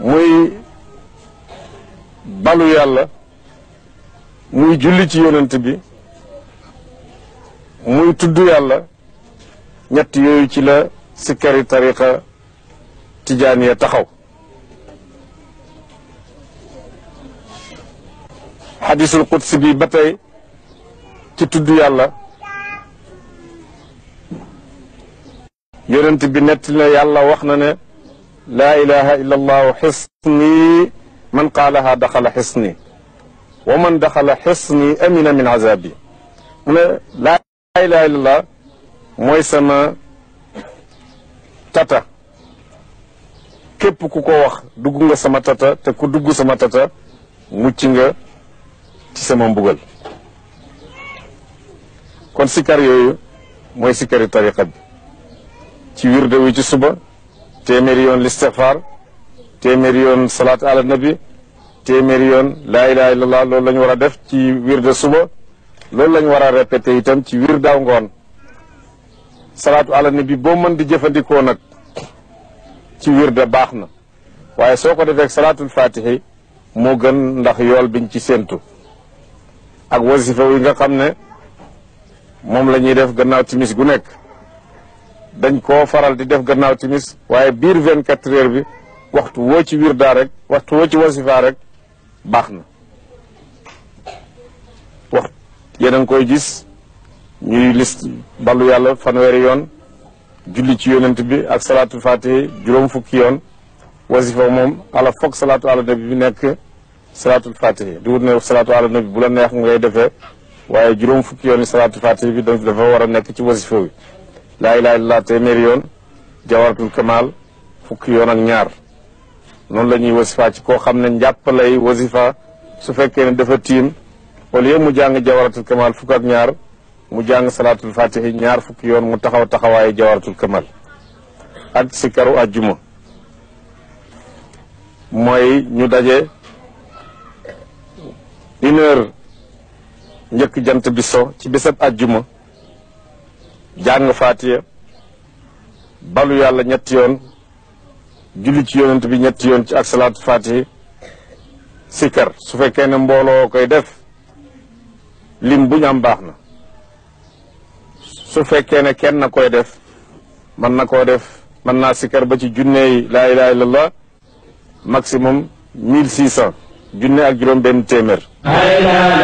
muy balu yàlla muy julli ci yonent bi muy tudd yàlla ñett yooyu ci la sikkari tariqa tijaaniya taxaw xadisul qudsi bi ba tey ci tudd yàlla yonent bi nett na yàlla wax na ne laa ilaha illa allahu xisni man qaalaha daxala xisni wa man daxala xisni amina min azabi mu ne laa ilaha illa allah mooy sama tata képp ku ko wax dugg nga sama tata te ku dugg sama tata mucc nga ci sama mbugal kon sikar yooyu mooy sikari tariqa bi ci wirde wi ci suba téeméeri yoon listixfaar téeméeri yoon salaat ala nabi téeméeri yoon laa ilaha illallah loolu la ñu war a def ci wirde suba loolu la ñu war a répété itam ci wir daaw ngoon salaatu ala nabi boo mën di jëfandikoo nag ci wirde baax na waaye soo ko defee salaatul fatihi moo gën ndax yool biñ ci séentu ak wasifa yi nga xam ne moom lañuy def gannaaw timis gu nekk dañ ko faral di def gannaaw timis waaye biir vingt quatre heures bi waxtu woo ci wir daal rek waxtu woo ci wasifa rek baax na wax yéen a ngi koy gis ñuy list ballu yàlla fanweeri yoon julli ci yonent bi ak salaatul fatihi juróom fukki yoon wasifa moom ala foog salaatu ala nabi bi nekk salaatul fatihi di wut ne salaatu na nabi bu la neex nga ngay defee waaye juróom fukki yoon yi salaatul fatihi bi dafa war a nekk ci wasifa wi laa ilaaha illallaah téeméeri yoon jawaratul kamaal fukki yoon ak ñaar noonu la ñuy wasifa ci koo xam ne njàpp lay wasifa su fekkee ne dafa tiim wala yëpp mu jàng jawaratul kamaal fukk ak ñaar mu jàng salaatul fatihi ñaar fukki yoon mu taxaw taxawaayu jawaratul kamaal ak si sikaru àjjuma mooy ñu daje une njëkk jant bi so ci bésab àjjuma jàng faatiya balu yàlla ñetti yoon julli ci yonent bi ñetti yoon ci ak salaatu faatiha sikkar su fekkee ne mbooloo koy def lim bu ñu am baax na su fekkee ne kenn koy def mën na ko def mën naa sikkar ba ci junne yi laa ilaha illallah maximum mille six ak juróom benn téeméer